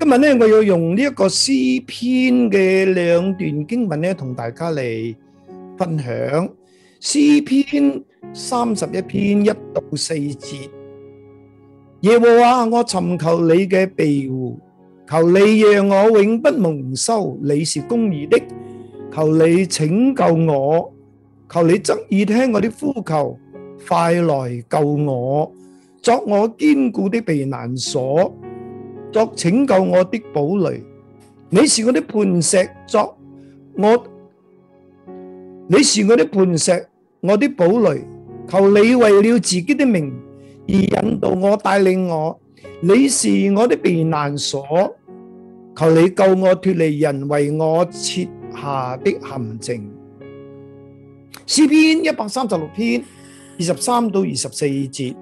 今日咧，我要用呢一個詩篇嘅兩段經文咧，同大家嚟分享詩篇三十一篇一到四節。耶和華啊，我尋求你嘅庇護，求你讓我永不蒙羞，你是公義的，求你拯救我，求你側耳聽我啲呼求，快來救我，作我堅固的避難所。作拯救我的堡壘，你是我的磐石，作我，你是我的磐石，我的堡壘。求你為了自己的名而引導我，帶領我。你是我的避難所，求你救我脫離人為我設下的陷阱。詩篇一百三十六篇二十三到二十四節。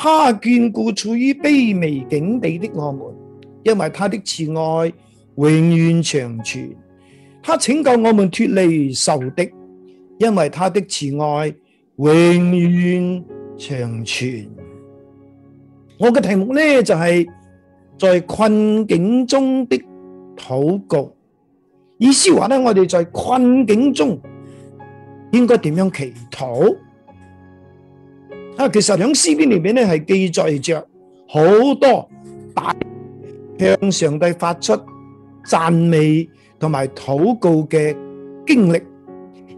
他眷顧處於卑微境地的我們，因為他的慈愛永遠長存。他拯救我們脫離受敵，因為他的慈愛永遠長存。我嘅題目呢，就係、是、在困境中的禱告」。意思話呢，我哋在困境中應該點樣祈禱？啊，其實喺詩篇裏面咧，係記載著好多大向上帝發出讚美同埋禱告嘅經歷，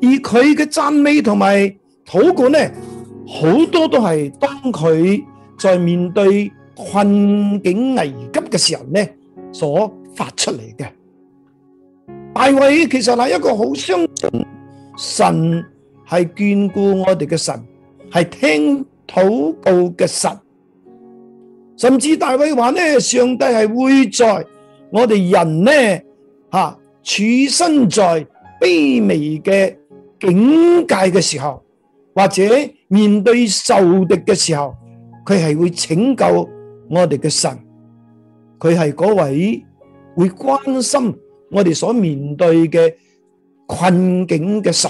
而佢嘅讚美同埋禱告咧，好多都係當佢在面對困境危急嘅時候咧，所發出嚟嘅。大衛其實係一個好相信神係眷顧我哋嘅神，係聽禱告嘅神，甚至大衛話咧，上帝係會在我哋人呢吓處身在卑微嘅境界嘅時候，或者面對受敵嘅時候，佢係會拯救我哋嘅神，佢係嗰位會關心我哋所面對嘅困境嘅神。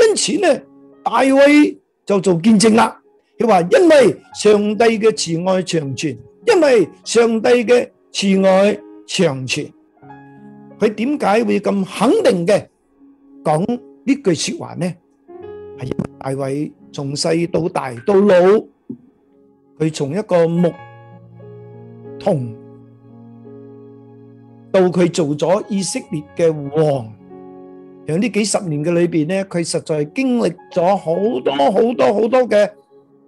因此呢，大衛就做見證啦。佢話因為上帝嘅慈愛長存，因為上帝嘅慈愛長存，佢點解會咁肯定嘅講呢句說話呢？係因為大衛從細到大到老，佢從一個牧童到佢做咗以色列嘅王，喺呢幾十年嘅裏邊呢，佢實在經歷咗好多好多好多嘅。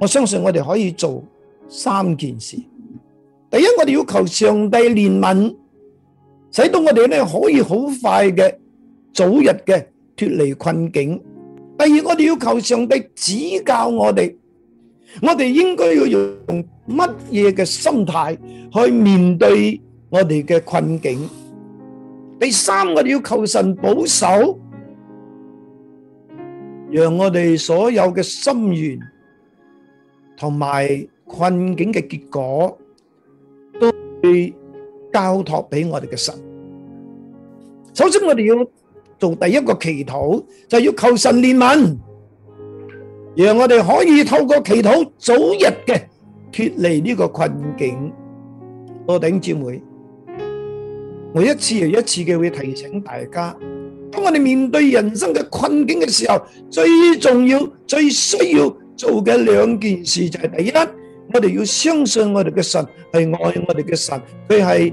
我相信我哋可以做三件事。第一，我哋要求上帝憐憫，使到我哋咧可以好快嘅早日嘅脫離困境。第二，我哋要求上帝指教我哋，我哋應該要用乜嘢嘅心態去面對我哋嘅困境。第三，我哋要求神保守，讓我哋所有嘅心願。同埋困境嘅結果都會交託俾我哋嘅神。首先我哋要做第一個祈禱，就係要求神憐憫，讓我哋可以透過祈禱早日嘅脫離呢個困境。弟兄姊妹，我一次又一次嘅會提醒大家，當我哋面對人生嘅困境嘅時候，最重要、最需要。做嘅兩件事就係第一，我哋要相信我哋嘅神係愛我哋嘅神，佢係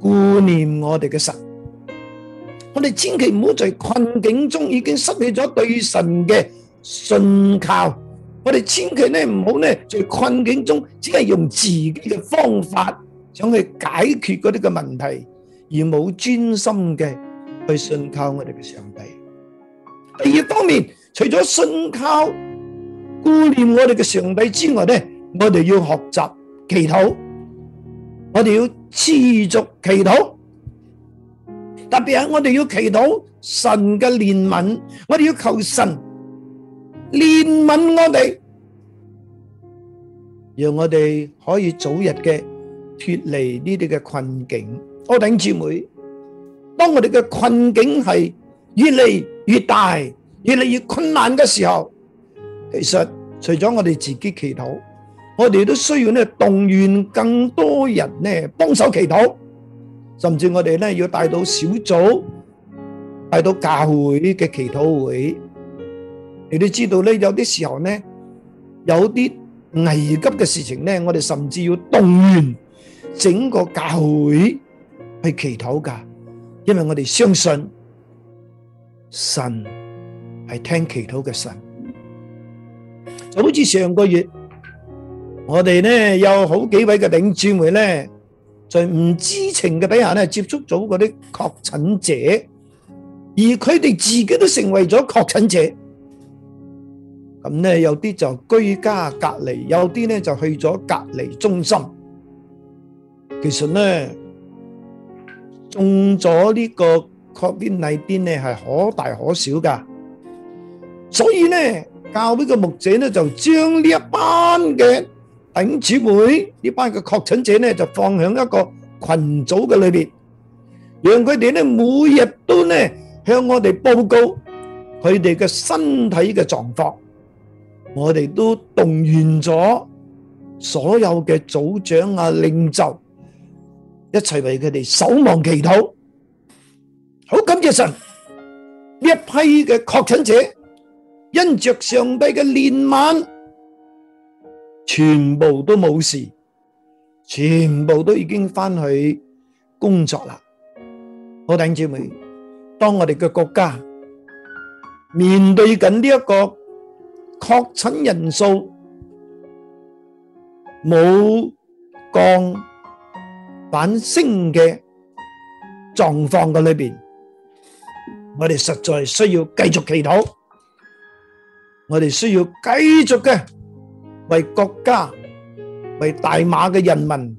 顧念我哋嘅神。我哋千祈唔好在困境中已經失去咗對神嘅信靠。我哋千祈咧唔好咧在困境中只係用自己嘅方法想去解決嗰啲嘅問題，而冇專心嘅去信靠我哋嘅上帝。第二方面，除咗信靠。顧念我哋嘅上帝之外咧，我哋要學習祈禱，我哋要持續祈禱，特別係我哋要祈禱神嘅憐憫，我哋要求神憐憫我哋，讓我哋可以早日嘅脫離呢啲嘅困境。我、哦、等姊妹，當我哋嘅困境係越嚟越大、越嚟越困難嘅時候。其實除咗我哋自己祈禱，我哋都需要呢動員更多人呢幫手祈禱，甚至我哋呢要帶到小組，帶到教會嘅祈禱會。你都知道呢，有啲時候呢，有啲危急嘅事情呢，我哋甚至要動員整個教會去祈禱㗎，因為我哋相信神係聽祈禱嘅神。好似上個月，我哋呢有好幾位嘅領主們呢，在唔知情嘅底下呢，接觸咗嗰啲確診者，而佢哋自己都成為咗確診者。咁呢，有啲就居家隔離，有啲呢就去咗隔離中心。其實呢，中咗呢個確診裏邊呢，係可大可小噶，所以呢。教俾個牧者呢，就將呢一班嘅頂姊妹呢班嘅確診者呢，就放喺一個群組嘅裏邊，讓佢哋呢每日都呢向我哋報告佢哋嘅身體嘅狀況。我哋都動員咗所有嘅組長啊、領袖一齊為佢哋守望祈禱。好，感謝神，呢一批嘅確診者。因着上帝嘅憐憫，全部都冇事，全部都已經返去工作啦。好，弟兄姊妹，當我哋嘅國家面對緊呢一個確診人數冇降反升嘅狀況嘅裏邊，我哋實在需要繼續祈禱。我哋需要繼續嘅為國家、為大馬嘅人民、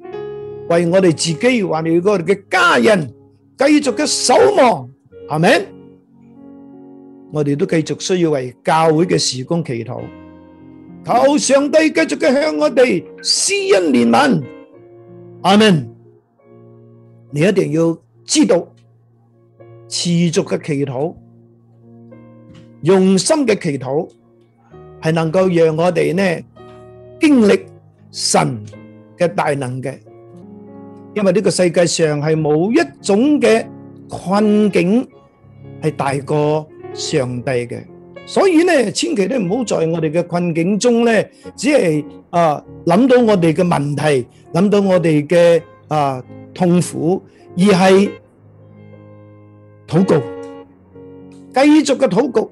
為我哋自己，還你我哋嘅家人，繼續嘅守望，係咪？我哋都繼續需要為教會嘅事工祈禱，求上帝繼續嘅向我哋施恩憐憫，阿 man 你一定要知道，持續嘅祈禱，用心嘅祈禱。係能夠讓我哋呢經歷神嘅大能嘅，因為呢個世界上係冇一種嘅困境係大過上帝嘅，所以呢千祈呢唔好在我哋嘅困境中呢，只係啊諗到我哋嘅問題，諗到我哋嘅啊痛苦，而係禱告，繼續嘅禱告。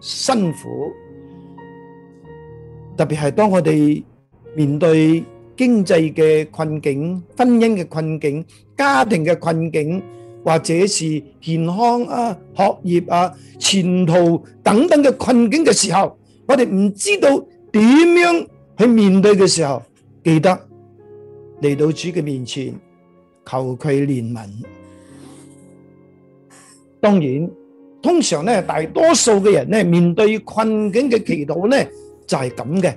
辛苦，特別係當我哋面對經濟嘅困境、婚姻嘅困境、家庭嘅困境，或者是健康啊、學業啊、前途等等嘅困境嘅時候，我哋唔知道點樣去面對嘅時候，記得嚟到主嘅面前求佢憐憫。當然。通常咧，大多數嘅人咧，面對困境嘅祈禱咧，就係咁嘅，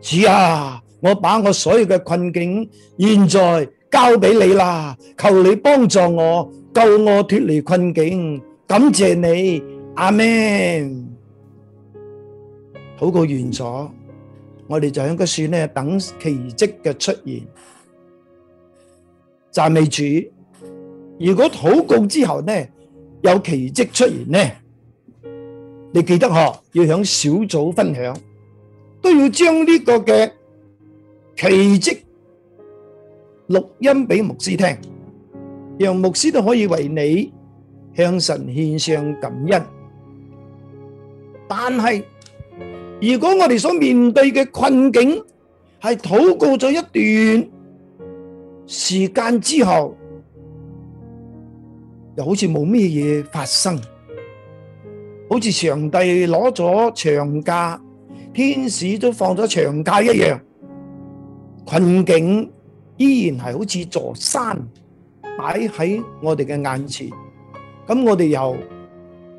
主啊，我把我所有嘅困境現在交俾你啦，求你幫助我，救我脱離困境，感謝你，阿們。禱告完咗，我哋就喺嗰樹咧等奇蹟嘅出現，讚美主。如果禱告之後呢。有奇蹟出現呢？你記得嗬，要響小組分享，都要將呢個嘅奇蹟錄音俾牧師聽，讓牧師都可以為你向神獻上感恩。但係，如果我哋所面對嘅困境係禱告咗一段時間之後。又好似冇咩嘢發生，好似上帝攞咗長假，天使都放咗長假一樣，困境依然係好似座山擺喺我哋嘅眼前，咁我哋又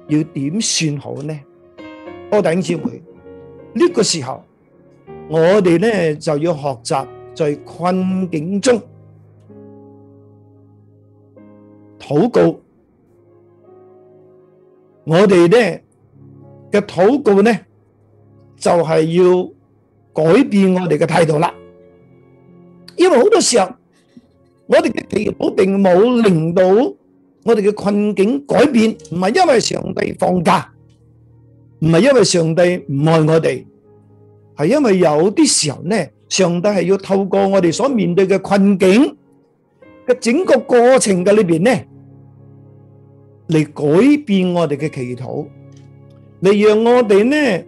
要點算好呢？多弟兄姊妹，呢個時候我哋咧就要學習在困境中。禱告，我哋咧嘅禱告咧，就係要改變我哋嘅態度啦。因為好多時候，我哋嘅祈禱並冇令到我哋嘅困境改變，唔係因為上帝放假，唔係因為上帝唔愛我哋，係因為有啲時候咧，上帝係要透過我哋所面對嘅困境嘅整個過程嘅裏邊咧。嚟改變我哋嘅祈禱，嚟讓我哋呢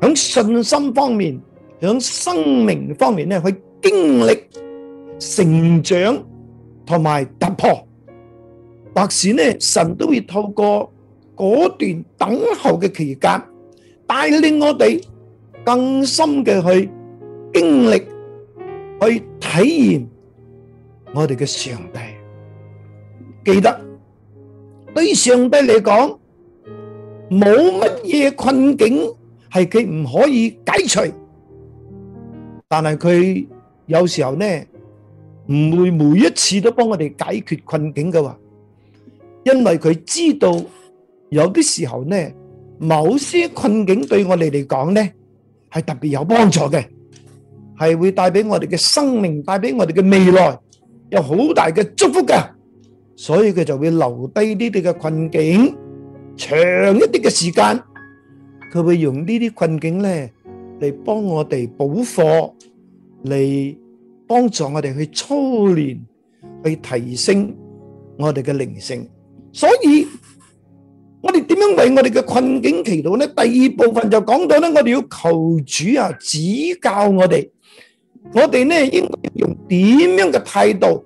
響信心方面，響生命嘅方面呢去經歷成長同埋突破，或是呢神都會透過嗰段等候嘅期間，帶領我哋更深嘅去經歷，去體驗我哋嘅上帝。記得。對上帝嚟講，冇乜嘢困境係佢唔可以解除，但係佢有時候呢，唔會每一次都幫我哋解決困境㗎，因為佢知道，有啲時候呢，某些困境對我哋嚟講呢，係特別有幫助嘅，係會帶俾我哋嘅生命，帶俾我哋嘅未來，有好大嘅祝福㗎。所以佢就會留低呢啲嘅困境，長一啲嘅時間，佢會用呢啲困境呢嚟幫我哋補課，嚟幫助我哋去操練，去提升我哋嘅靈性。所以，我哋點樣為我哋嘅困境祈禱呢？第二部分就講到呢，我哋要求主啊指教我哋，我哋呢應該用點樣嘅態度，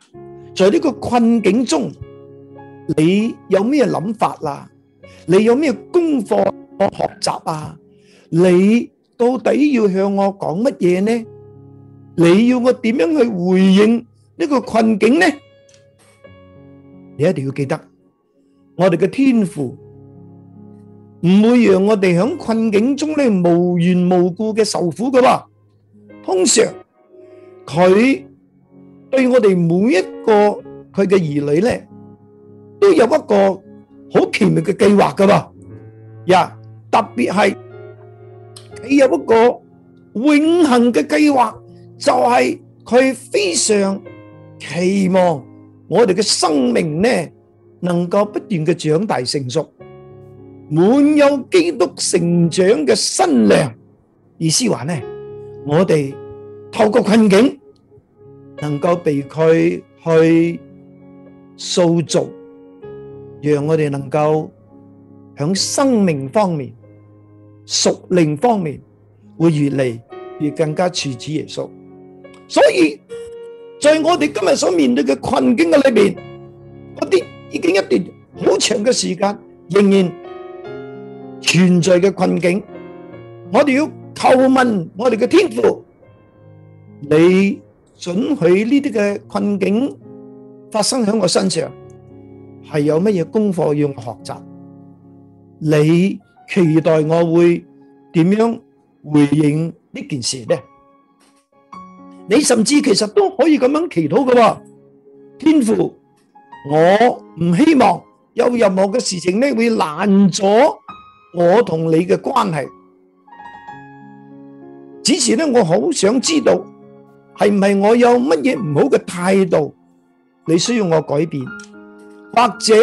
在呢個困境中，你有咩諗法啦，啊？你有咩功課學習啊？你到底要向我講乜嘢呢？你要我點樣去回應呢個困境呢？你一定要記得，我哋嘅天父唔會讓我哋喺困境中咧，無緣無故嘅受苦噶。通常佢。對我哋每一個佢嘅兒女咧，都有一個好奇妙嘅計劃噶噃，呀，特別係佢有一個永恒嘅計劃，就係佢非常期望我哋嘅生命呢，能夠不斷嘅長大成熟，滿有基督成長嘅新娘。意思話呢，我哋透過困境，能夠被佢去塑造，讓我哋能夠喺生命方面、屬靈方面，會越嚟越，更加似足耶穌。所以，在我哋今日所面對嘅困境嘅裏邊，嗰啲已經一段好長嘅時間仍然存在嘅困境，我哋要叩問我哋嘅天父，你。准許呢啲嘅困境發生喺我身上，係有乜嘢功課要我學習？你期待我會點樣回應呢件事呢？你甚至其實都可以咁樣祈禱嘅，天父，我唔希望有任何嘅事情呢會爛咗我同你嘅關係。只是呢，我好想知道。係唔係我有乜嘢唔好嘅態度？你需要我改變，或者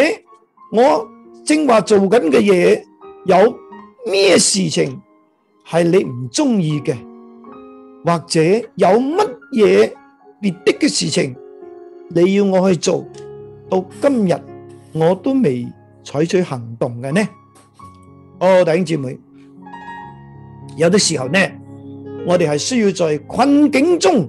我正話做緊嘅嘢有咩事情係你唔中意嘅？或者有乜嘢別的嘅事情你要我去做，到今日我都未採取行動嘅呢？哦，弟兄姊妹，有啲時候呢，我哋係需要在困境中。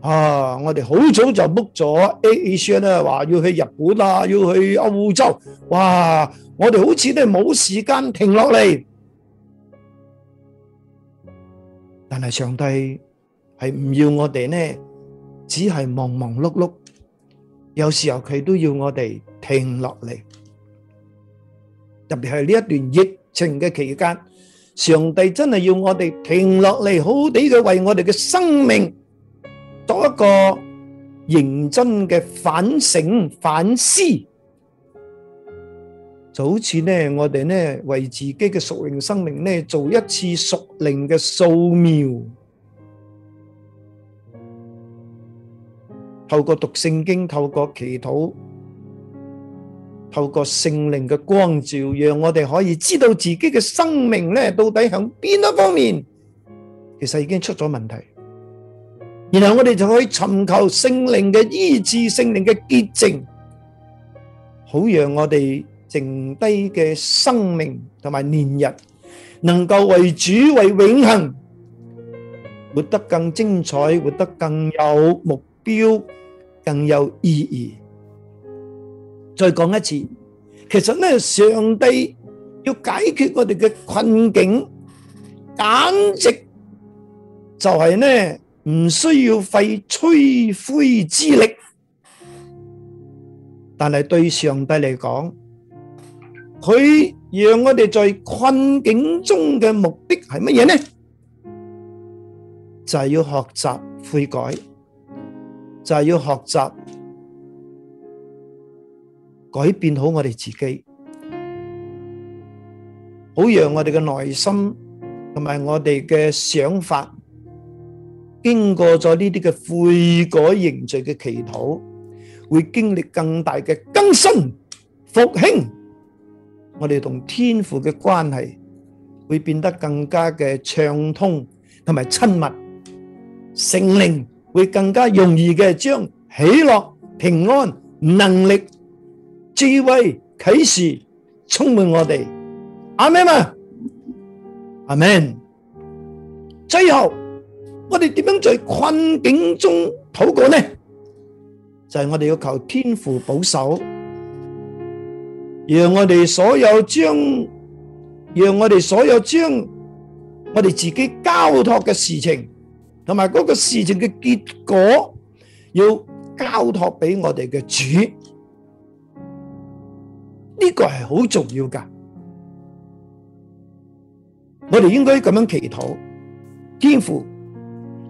啊！我哋好早就 book 咗 A，A 船啦，話要去日本啦，要去澳洲。哇！我哋好似都冇時間停落嚟，但係上帝係唔要我哋呢，只係忙忙碌碌。有時候佢都要我哋停落嚟，特別係呢一段疫情嘅期間，上帝真係要我哋停落嚟，好好地去為我哋嘅生命。做一個認真嘅反省，反思，就好似呢，我哋呢為自己嘅屬靈生命呢做一次屬靈嘅掃描，透過讀聖經、透過祈禱、透過聖靈嘅光照，讓我哋可以知道自己嘅生命呢到底響邊一方面，其實已經出咗問題。然後我哋就可以尋求聖靈嘅醫治，聖靈嘅潔淨，好讓我哋剩低嘅生命同埋年日，能夠為主為永恆活得更精彩，活得更有目標，更有意義。再講一次，其實呢，上帝要解決我哋嘅困境，簡直就係呢。唔需要費吹灰之力，但係對上帝嚟講，佢讓我哋在困境中嘅目的係乜嘢呢？就係、是、要學習悔改，就係、是、要學習改變好我哋自己，好讓我哋嘅內心同埋我哋嘅想法。經過咗呢啲嘅悔改認罪嘅祈禱，會經歷更大嘅更新復興。我哋同天父嘅關係會變得更加嘅暢通同埋親密，聖靈會更加容易嘅將喜樂、平安、能力、智慧、啟示充滿我哋。阿們啊，阿們。最後。我哋點樣在困境中禱過呢？就係我哋要求天父保守，讓我哋所有將，讓我哋所有將我哋自己交託嘅事情，同埋嗰個事情嘅結果，要交託俾我哋嘅主。呢個係好重要噶，我哋應該咁樣祈禱天父。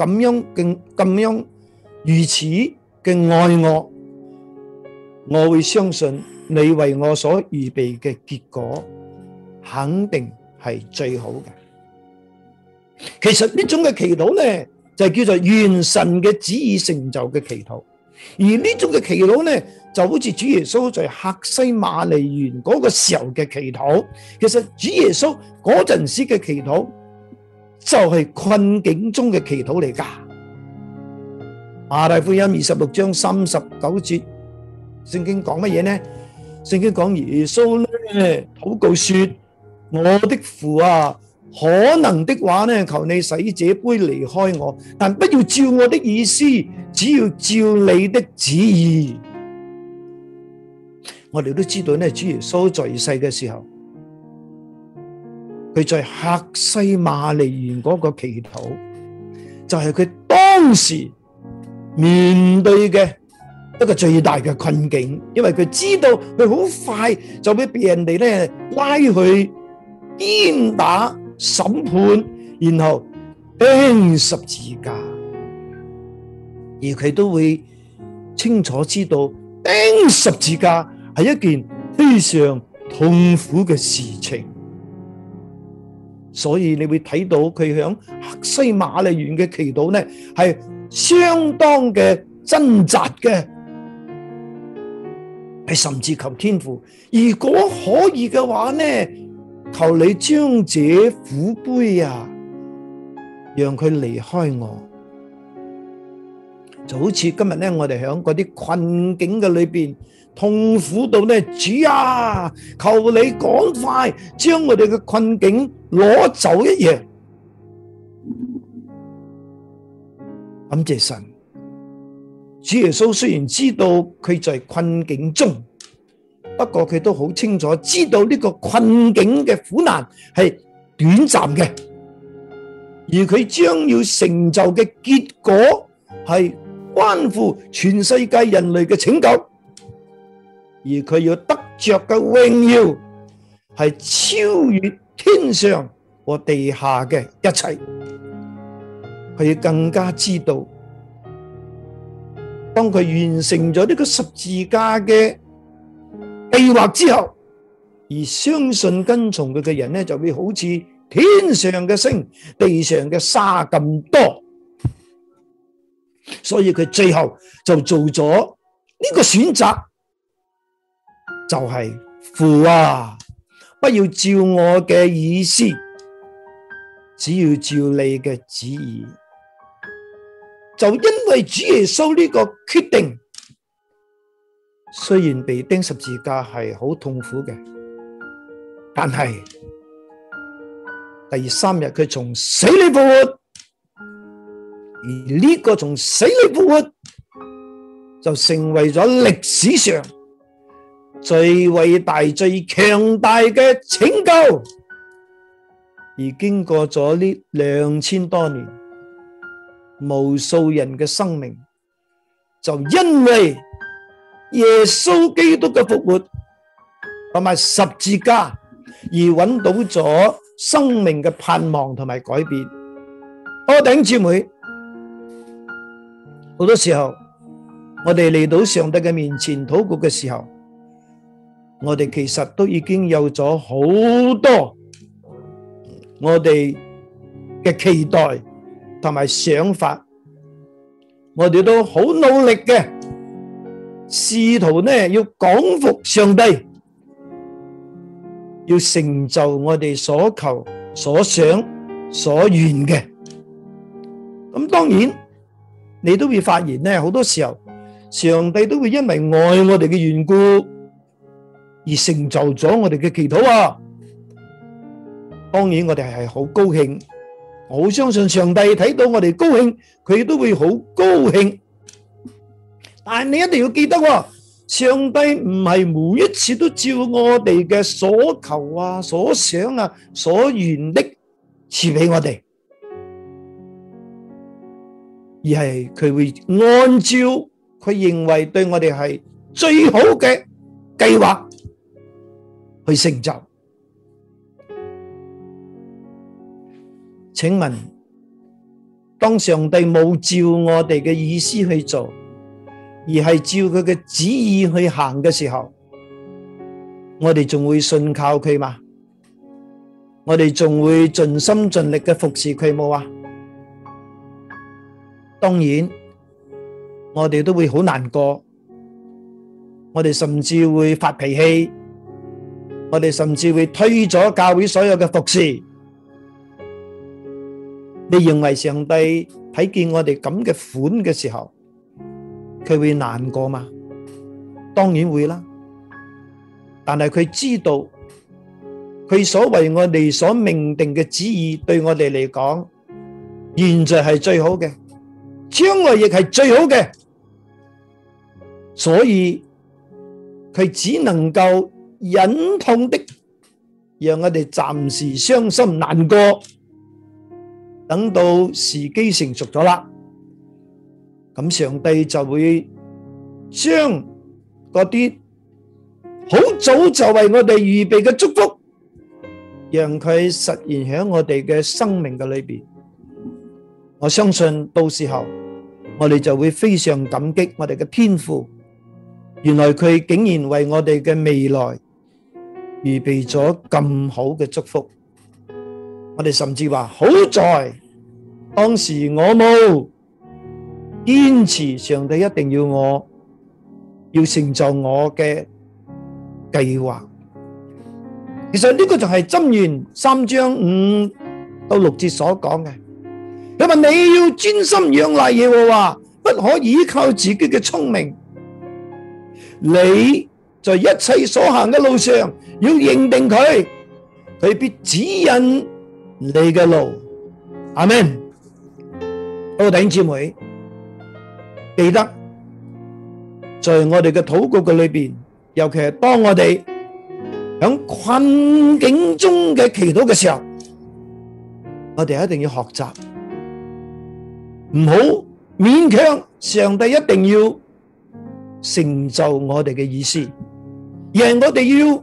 咁樣咁咁樣如此嘅愛我，我會相信你為我所預備嘅結果肯定係最好嘅。其實呢種嘅祈禱呢，就叫做願神嘅旨意成就嘅祈禱。而呢種嘅祈禱呢，就好似主耶穌在客西馬尼園嗰個時候嘅祈禱。其實主耶穌嗰陣時嘅祈禱。就係困境中嘅祈禱嚟噶，《馬太福音》二十六章三十九節，聖經講乜嘢呢？聖經講耶穌呢禱告說：我的父啊，可能的話呢，求你使這杯離開我，但不要照我的意思，只要照你的旨意。我哋都知道呢，主耶穌在世嘅時候。佢在客西馬尼園嗰個祈禱，就係、是、佢當時面對嘅一個最大嘅困境，因為佢知道佢好快就俾別人哋咧拉去鞭打審判，然後釘十字架，而佢都會清楚知道釘十字架係一件非常痛苦嘅事情。所以你會睇到佢喺客西馬尼園嘅祈禱呢，係相當嘅掙扎嘅，係甚至求天父，如果可以嘅話呢，求你將這苦杯啊，讓佢離開我，就好似今日呢，我哋喺嗰啲困境嘅裏邊。痛苦到呢，主啊，求你趕快將我哋嘅困境攞走一樣。感謝神，主耶穌雖然知道佢在困境中，不過佢都好清楚知道呢個困境嘅苦難係短暫嘅，而佢將要成就嘅結果係關乎全世界人類嘅拯救。而佢要得着嘅榮耀係超越天上和地下嘅一切，佢要更加知道，當佢完成咗呢個十字架嘅計劃之後，而相信跟從佢嘅人呢，就會好似天上嘅星、地上嘅沙咁多，所以佢最後就做咗呢個選擇。就係父啊！不要照我嘅意思，只要照你嘅旨意。就因為主耶穌呢個決定，雖然被釘十字架係好痛苦嘅，但係第三日佢從死裏復活，而呢個從死裏復活就成為咗歷史上。最偉大、最強大嘅拯救，而經過咗呢兩千多年，無數人嘅生命就因為耶穌基督嘅復活同埋十字架而揾到咗生命嘅盼望同埋改變。多頂姊妹，好多時候我哋嚟到上帝嘅面前禱告嘅時候。我哋其實都已經有咗好多我哋嘅期待同埋想法，我哋都好努力嘅，試圖呢要講服上帝，要成就我哋所求、所想、所願嘅。咁當然，你都會發現呢，好多時候上帝都會因為愛我哋嘅緣故。而成就咗我哋嘅祈禱啊！當然我哋係好高興，我好相信上帝睇到我哋高興，佢都會好高興。但係你一定要記得，上帝唔係每一次都照我哋嘅所求啊、所想啊、所願的賜俾我哋，而係佢會按照佢認為對我哋係最好嘅計劃去成就。請問，當上帝冇照我哋嘅意思去做，而係照佢嘅旨意去行嘅時候，我哋仲會信靠佢嗎？我哋仲會盡心盡力嘅服侍佢冇啊？當然，我哋都會好難過，我哋甚至會發脾氣。我哋甚至會推咗教會所有嘅服侍。你認為上帝睇見我哋咁嘅款嘅時候，佢會難過嗎？當然會啦。但係佢知道，佢所為我哋所命定嘅旨意對我哋嚟講，現在係最好嘅，將來亦係最好嘅。所以佢只能夠。忍痛的，讓我哋暫時傷心難過，等到時機成熟咗啦，咁上帝就會將嗰啲好早就為我哋預備嘅祝福，讓佢實現喺我哋嘅生命嘅裏邊。我相信到時候我哋就會非常感激我哋嘅天父，原來佢竟然為我哋嘅未來，預備咗咁好嘅祝福，我哋甚至話好在當時我冇堅持，上帝一定要我要成就我嘅計劃。其實呢個就係箴言三章五到六節所講嘅。你問你要專心仰賴嘢，我話不可以依靠自己嘅聰明。你在一切所行嘅路上。要認定佢，佢必指引你嘅路。阿門，弟兄姊妹，記得在我哋嘅禱告嘅裡面，尤其係當我哋響困境中嘅祈禱嘅時候，我哋一定要學習，唔好勉強上帝一定要成就我哋嘅意思，而係我哋要。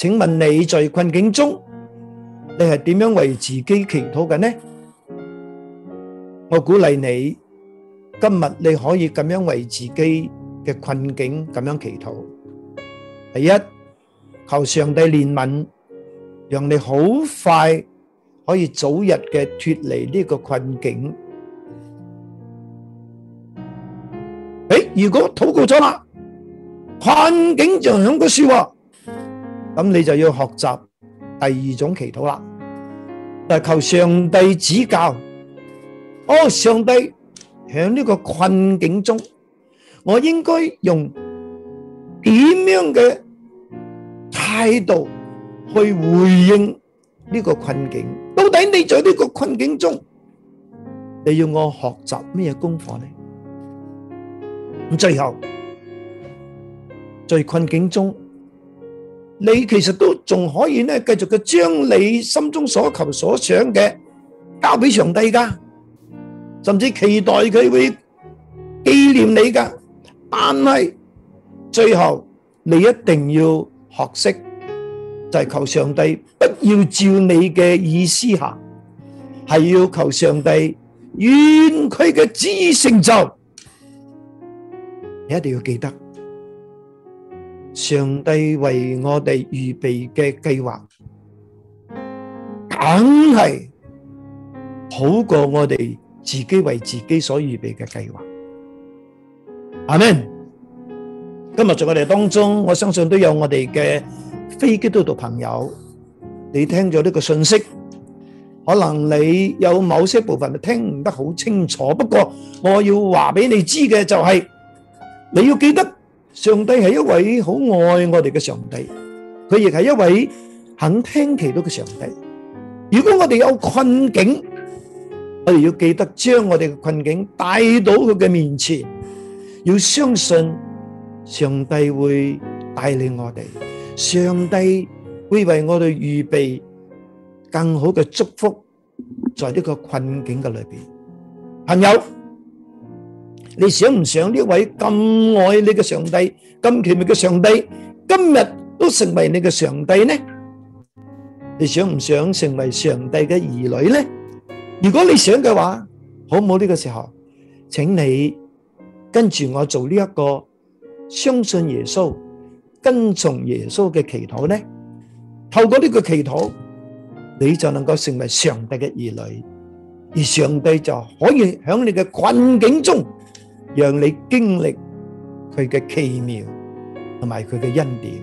請問你在困境中，你係點樣為自己祈禱嘅呢？我鼓勵你，今日你可以咁樣為自己嘅困境咁樣祈禱。第一，求上帝憐憫，讓你好快可以早日嘅脫離呢個困境。誒，如果禱告咗啦，困境就響個說話。咁你就要學習第二種祈禱啦，嚟、就係、求上帝指教。哦，上帝喺呢個困境中，我應該用點樣嘅態度去回應呢個困境？到底你在呢個困境中，你要我學習咩功課呢？」咁最後，在困境中。你其實都仲可以呢，繼續嘅將你心中所求所想嘅交俾上帝噶，甚至期待佢會紀念你噶。但係最後你一定要學識，就係求上帝不要照你嘅意思行，係要求上帝願佢嘅旨意成就。你一定要記得。上帝為我哋預備嘅計劃，梗係好過我哋自己為自己所預備嘅計劃。阿門，今日在我哋當中，我相信都有我哋嘅非基督徒朋友，你聽咗呢個信息，可能你有某些部分你聽唔得好清楚，不過我要話俾你知嘅就係、是，你要記得。上帝係一位好愛我哋嘅上帝，佢亦係一位肯聽祈禱嘅上帝。如果我哋有困境，我哋要記得將我哋嘅困境帶到佢嘅面前，要相信上帝會帶領我哋，上帝會為我哋預備更好嘅祝福在呢個困境嘅裏邊。朋友。你想唔想呢位咁愛你嘅上帝，咁奇妙嘅上帝，今日都成為你嘅上帝呢？你想唔想成為上帝嘅兒女呢？如果你想嘅話，好唔好呢個時候，請你跟住我做呢一個相信耶穌、跟從耶穌嘅祈禱呢？透過呢個祈禱，你就能夠成為上帝嘅兒女，而上帝就可以響你嘅困境中。讓你經歷佢嘅奇妙同埋佢嘅恩典，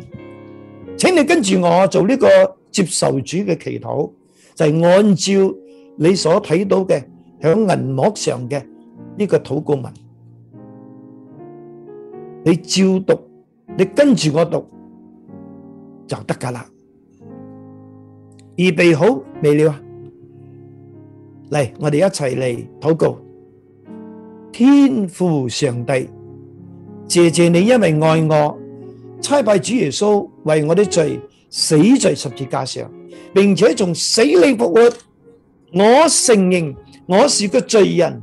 請你跟住我做呢個接受主嘅祈禱，就係按照你所睇到嘅響銀幕上嘅呢個禱告文，你照讀，你跟住我讀就得㗎喇。預備好未了呀？嚟，我哋一齊嚟禱告。天父上帝，謝謝你因為愛我，差派主耶穌為我的罪死在十字架上，並且從死裏復活。我承認我是個罪人，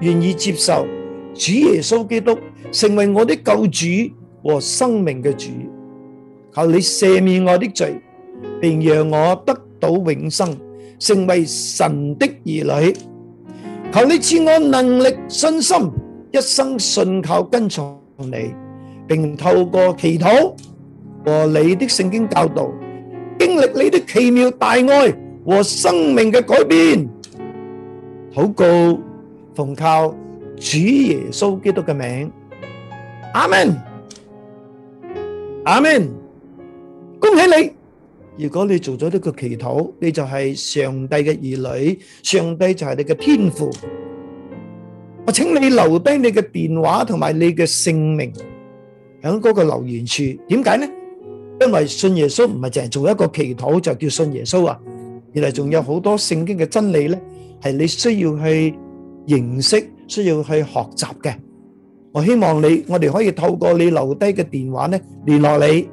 願意接受主耶穌基督成為我的救主和生命嘅主。求你赦免我的罪，並讓我得到永生，成為神的兒女。求你賜我能力、信心，一生信靠跟隨你，並透過祈禱和你的聖經教導，經歷你的奇妙大愛和生命嘅改變。禱告，奉靠主耶穌基督嘅名，阿門，阿門。恭喜你！如果你做咗呢個祈禱，你就係上帝嘅兒女，上帝就係你嘅天父。我請你留低你嘅電話同埋你嘅姓名喺嗰個留言處。點解呢？因為信耶穌唔係淨係做一個祈禱就叫信耶穌啊，原來仲有好多聖經嘅真理呢，係你需要去認識、需要去學習嘅。我希望你，我哋可以透過你留低嘅電話呢，聯絡你，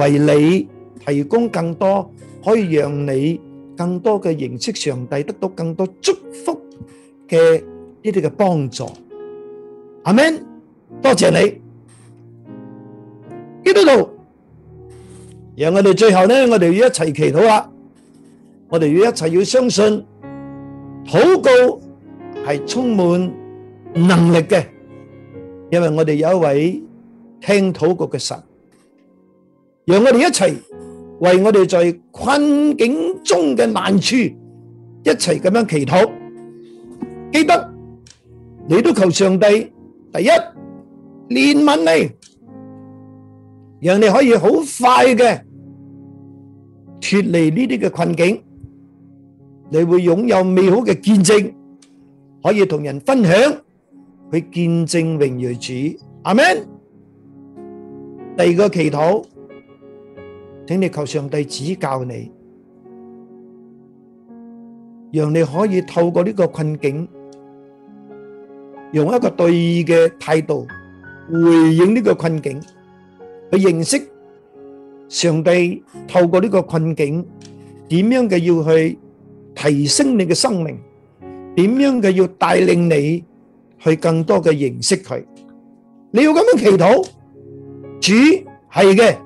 為你。提供更多可以讓你更多嘅認識上帝，得到更多祝福嘅呢啲嘅幫助，阿們，多謝你，基督徒，讓我哋最後咧，我哋要一齊祈禱啊！我哋要一齊要相信，禱告係充滿能力嘅，因為我哋有一位聽禱告嘅神，讓我哋一齊。為我哋在困境中嘅難處，一齊咁樣祈禱。記得你都求上帝第一憐憫你，讓你可以好快嘅脫離呢啲嘅困境。你會擁有美好嘅見證，可以同人分享，去見證榮耀主。阿門。第二個祈禱。請你求上帝指教你，讓你可以透過呢個困境，用一個對義嘅態度回應呢個困境，去認識上帝透過呢個困境點樣嘅要去提升你嘅生命，點樣嘅要帶領你去更多嘅認識佢。你要咁樣祈禱，主係嘅。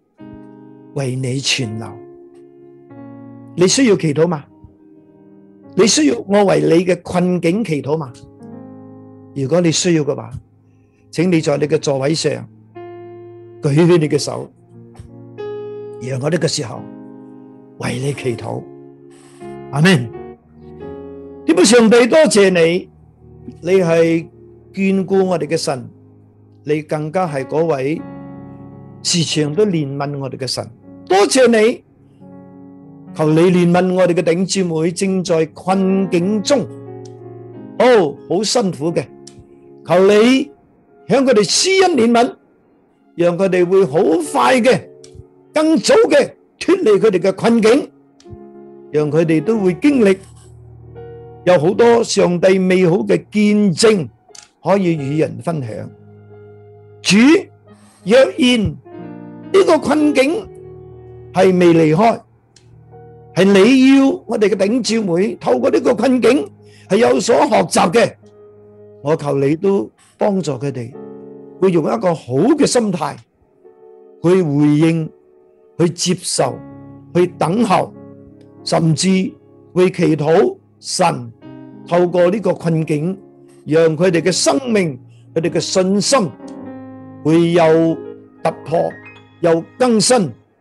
為你存留，你需要祈禱嗎？你需要我為你嘅困境祈禱嗎？如果你需要嘅話，請你在你嘅座位上舉起你嘅手，讓我這個時候為你祈禱。阿們，點解上帝多謝你？你係眷顧我哋嘅神，你更加係嗰位時常都憐憫我哋嘅神。多謝你，求你憐憫我哋嘅弟姊妹正在困境中，哦，好辛苦嘅，求你向佢哋施恩憐憫，讓佢哋會好快嘅，更早嘅脫離佢哋嘅困境，讓佢哋都會經歷有好多上帝美好嘅見證，可以與人分享。主，若然呢個困境係未離開，係你要我哋嘅頂照會透過呢個困境係有所學習嘅，我求你都幫助佢哋，會用一個好嘅心態去回應、去接受、去等候，甚至會祈禱神透過呢個困境，讓佢哋嘅生命、佢哋嘅信心會有突破，又更新。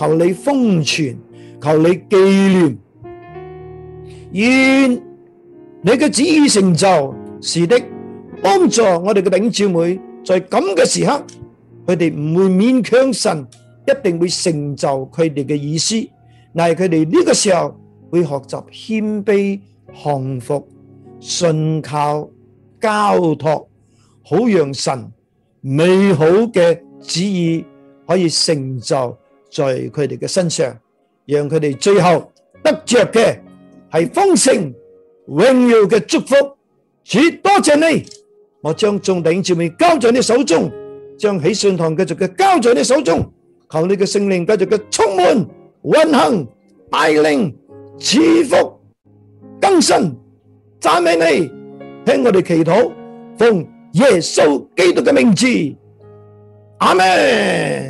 求你封存，求你紀念，願你嘅旨意成就是的，幫助我哋嘅弟兄姊妹，在咁嘅時刻，佢哋唔會勉強神，一定會成就佢哋嘅意思，但係佢哋呢個時候會學習謙卑、降服、順靠、交託，好讓神美好嘅旨意可以成就。在佢哋嘅身上，讓佢哋最後得着嘅係豐盛榮耀嘅祝福。主多謝你，我將眾弟兄姊妹交在你手中，將喜信堂繼續嘅交在你手中，求你嘅聖靈繼續嘅充滿、運行、帶領、賜福、更新。讚美你，聽我哋祈禱，奉耶穌基督嘅名字，阿門。